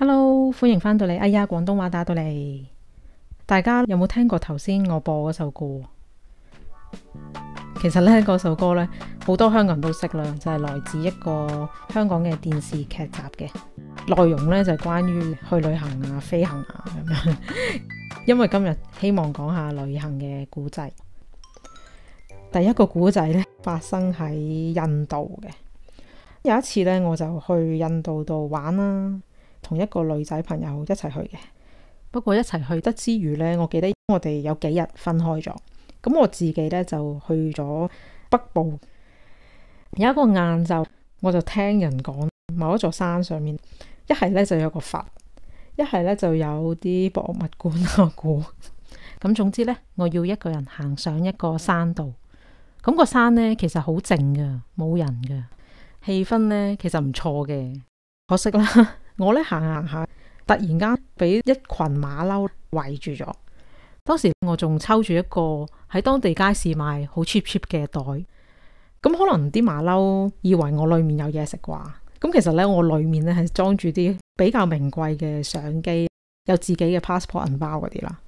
Hello，歡迎翻到嚟。哎呀，廣東話打到嚟，大家有冇聽過頭先我播嗰首歌？其實呢，嗰首歌呢，好多香港人都識啦，就係來自一個香港嘅電視劇集嘅，內容呢就係關於去旅行啊、飛行啊咁樣。因為今日希望講下旅行嘅古仔，第一個古仔呢，發生喺印度嘅。有一次呢，我就去印度度玩啦。同一個女仔朋友一齊去嘅，不過一齊去得之餘呢，我記得我哋有幾日分開咗。咁我自己呢，就去咗北部。有一個晏晝，我就聽人講，某一座山上面，一係呢就有個佛，一係呢就有啲博物館啊。估咁 總之呢，我要一個人行上一個山度。咁、那個山呢，其實好靜噶，冇人噶，氣氛呢，其實唔錯嘅。可惜啦。 我咧行行下，突然間俾一群馬騮圍住咗。當時我仲抽住一個喺當地街市買好 cheap cheap 嘅袋，咁、嗯、可能啲馬騮以為我裏面有嘢食啩。咁、嗯、其實咧我裏面咧係裝住啲比較名貴嘅相機，有自己嘅 passport 銀包嗰啲啦。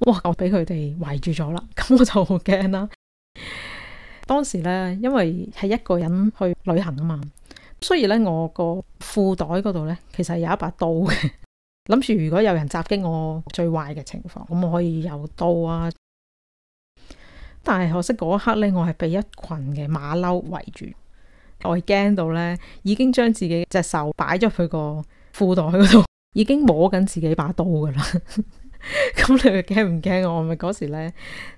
哇！我俾佢哋圍住咗啦，咁我就好驚啦。當時咧因為係一個人去旅行啊嘛。雖然咧，我個褲袋嗰度咧，其實有一把刀嘅。諗住如果有人襲擊我最壞，最壞嘅情況，我咪可以有刀啊。但係可惜嗰一刻咧，我係被一群嘅馬騮圍住，我係驚到咧，已經將自己隻手擺咗佢個褲袋嗰度，已經摸緊自己把刀噶啦。咁 你咪驚唔驚我？咪嗰時咧，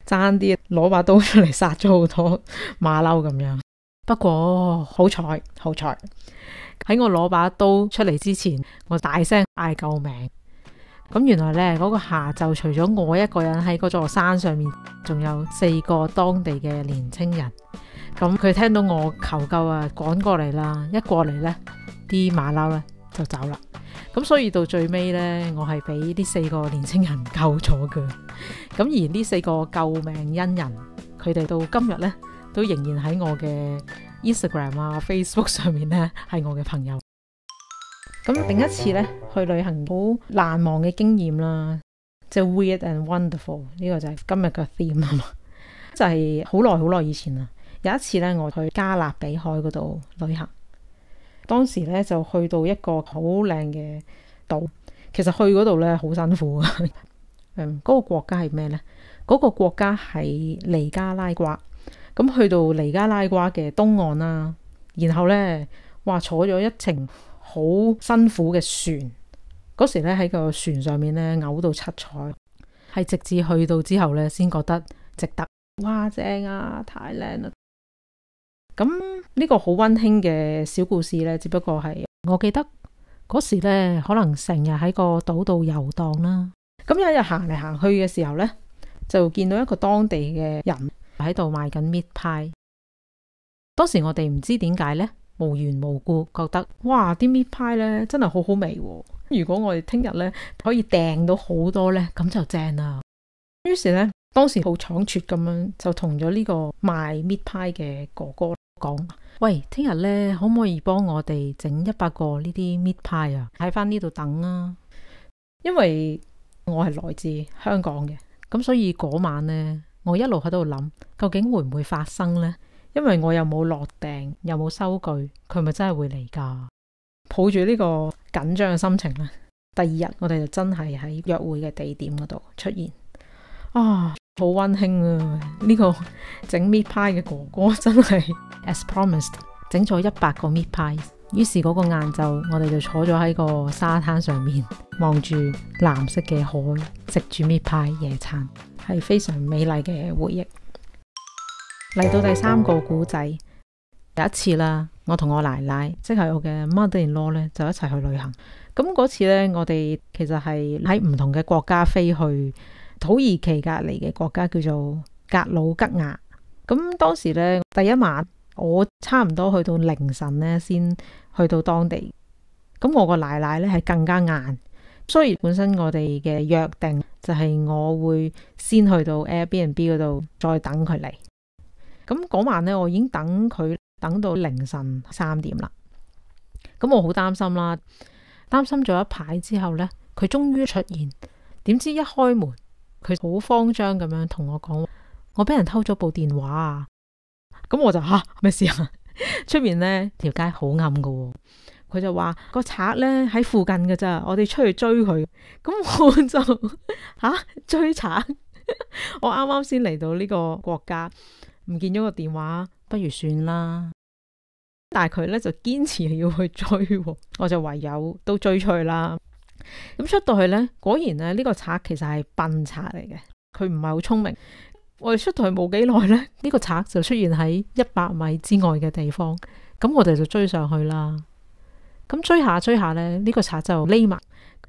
爭啲攞把刀出嚟殺咗好多馬騮咁樣。不過好彩，好彩！喺我攞把刀出嚟之前，我大聲嗌救命。咁原來咧，嗰個下晝除咗我一個人喺嗰座山上面，仲有四個當地嘅年青人。咁佢聽到我求救啊，趕過嚟啦。一過嚟咧，啲馬騮咧就走啦。咁所以到最尾咧，我係俾呢四個年青人救咗嘅。咁而呢四個救命恩人，佢哋到今日咧都仍然喺我嘅 Instagram 啊，Facebook 上面咧係我嘅朋友。咁第、嗯、一次咧、嗯嗯、去旅行好難忘嘅經驗啦，即係 Weird and Wonderful 呢個就係今日嘅 theme 啊嘛。就係好耐好耐以前啊。有一次咧，我去加勒比海嗰度旅行，當時咧就去到一個好靚嘅島，其實去嗰度咧好辛苦啊。嗯，嗰、那個國家係咩呢？嗰、那個國家係尼加拉瓜。咁去到尼加拉瓜嘅東岸啦，然後呢哇，坐咗一程好辛苦嘅船，嗰時呢喺個船上面呢，嘔到七彩，係直至去到之後呢，先覺得值得。哇，正啊，太靚啦！咁呢個好溫馨嘅小故事呢，只不過係我記得嗰時呢，可能成日喺個島度遊蕩啦。咁有一日行嚟行去嘅時候呢，就見到一個當地嘅人。喺度賣緊 meat pie，當時我哋唔知點解呢，無緣無故覺得哇啲 meat pie 咧真係好好味，啊，如果我哋聽日呢可以訂到好多呢，咁就正啦。於是呢，當時好倉促咁樣就同咗呢個賣 meat pie 嘅哥哥講：喂，聽日呢，可唔可以幫我哋整一百個呢啲 meat pie 啊？喺翻呢度等啊。因為我係來自香港嘅，咁所以嗰晚呢，我一路喺度諗。究竟會唔會發生呢？因為我又冇落訂，又冇收據，佢咪真係會嚟噶？抱住呢個緊張嘅心情咧，第二日我哋就真係喺約會嘅地點嗰度出現啊！好溫馨啊！呢、這個整 meat pie 嘅哥哥真係 as promised，整咗一百個 meat pie。於是嗰個晏晝，我哋就坐咗喺個沙灘上面，望住藍色嘅海，食住 meat pie 野餐，係非常美麗嘅回憶。嚟到第三個古仔，第一次啦，我同我奶奶，即係我嘅 mother-in-law 咧，就一齊去旅行。咁嗰次呢，我哋其實係喺唔同嘅國家飛去土耳其隔籬嘅國家叫做格魯吉亞。咁當時呢，第一晚，我差唔多去到凌晨呢先去到當地。咁我個奶奶呢係更加晏，雖然本身我哋嘅約定就係我會先去到 Airbnb 嗰度，再等佢嚟。咁嗰晚咧，我已經等佢等到凌晨三點啦。咁我好擔心啦，擔心咗一排之後咧，佢終於出現。點知一開門，佢好慌張咁樣同我講：我俾人偷咗部電話啊！咁我就吓，咩事啊？出面咧條街好暗噶，佢就話，個賊咧喺附近噶咋，我哋出去追佢。咁我就吓、啊、追賊， 我啱啱先嚟到呢個國家。唔見咗個電話，不如算啦。但係佢咧就堅持要去追、哦，我就唯有都追去啦。咁出到去咧，果然咧呢個賊其實係笨賊嚟嘅，佢唔係好聰明。我哋出到去冇幾耐咧，呢個賊就出現喺一百米之外嘅地方，咁我哋就追上去啦。咁追下追下咧，呢個賊就匿埋。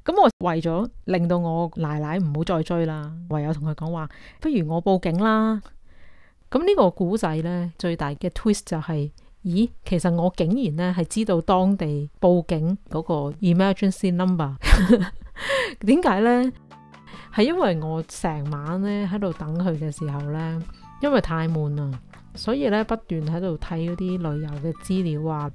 咁我為咗令到我奶奶唔好再追啦，唯有同佢講話，不如我報警啦。咁呢個古仔呢，最大嘅 twist 就係、是，咦，其實我竟然呢係知道當地報警嗰個 emergency number，點解 呢？係因為我成晚呢喺度等佢嘅時候呢，因為太悶啦，所以呢不斷喺度睇嗰啲旅遊嘅資料啊，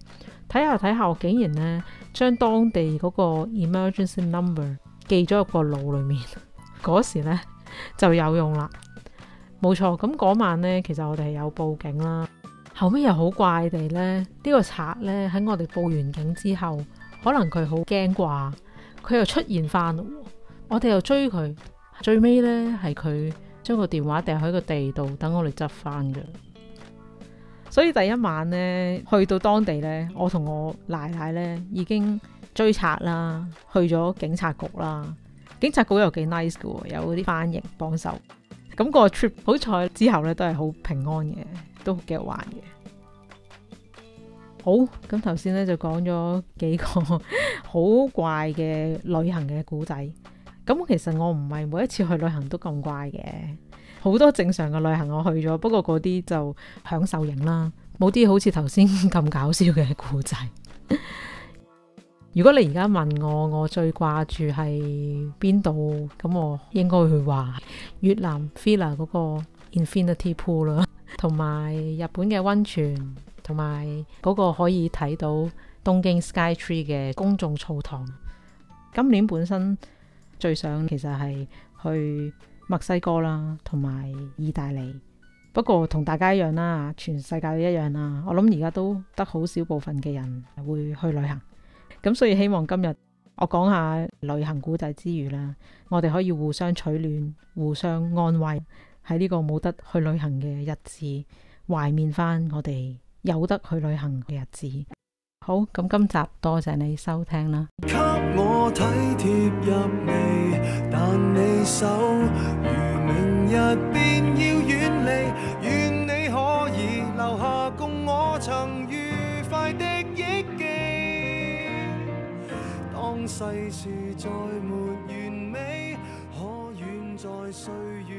睇下睇下，我竟然呢將當地嗰個 emergency number 記咗入個腦裏面，嗰 時呢就有用啦。冇錯，咁嗰晚呢，其實我哋係有報警啦。後尾又好怪地、這個、呢，呢個賊呢，喺我哋報完警之後，可能佢好驚啩，佢又出現翻我哋又追佢，最尾呢，係佢將個電話掟喺個地度，等我哋執翻嘅。所以第一晚呢，去到當地呢，我同我奶奶呢，已經追賊啦，去咗警察局啦。警察局又幾 nice 㗎喎，有啲翻譯幫手。咁個 trip 好彩之後咧都係好平安嘅，都幾好玩嘅。好，咁頭先咧就講咗幾個好怪嘅旅行嘅故仔。咁其實我唔係每一次去旅行都咁怪嘅，好多正常嘅旅行我去咗，不過嗰啲就享受型啦，冇啲好似頭先咁搞笑嘅故仔。如果你而家問我，我最掛住係邊度咁，噉我應該去話越南 Fila 嗰個 Infinity Pool 啦，同埋日本嘅温泉，同埋嗰個可以睇到東京 Sky Tree 嘅公眾澡堂。今年本身最想其實係去墨西哥啦，同埋意大利。不過同大家一樣啦，全世界都一樣啦。我諗而家都得好少部分嘅人會去旅行。咁所以希望今日我講下旅行古仔之餘啦，我哋可以互相取暖、互相安慰，喺呢個冇得去旅行嘅日子，懷念翻我哋有得去旅行嘅日子。好，咁今集多謝你收聽啦。世事再沒完美，可遠在歲月。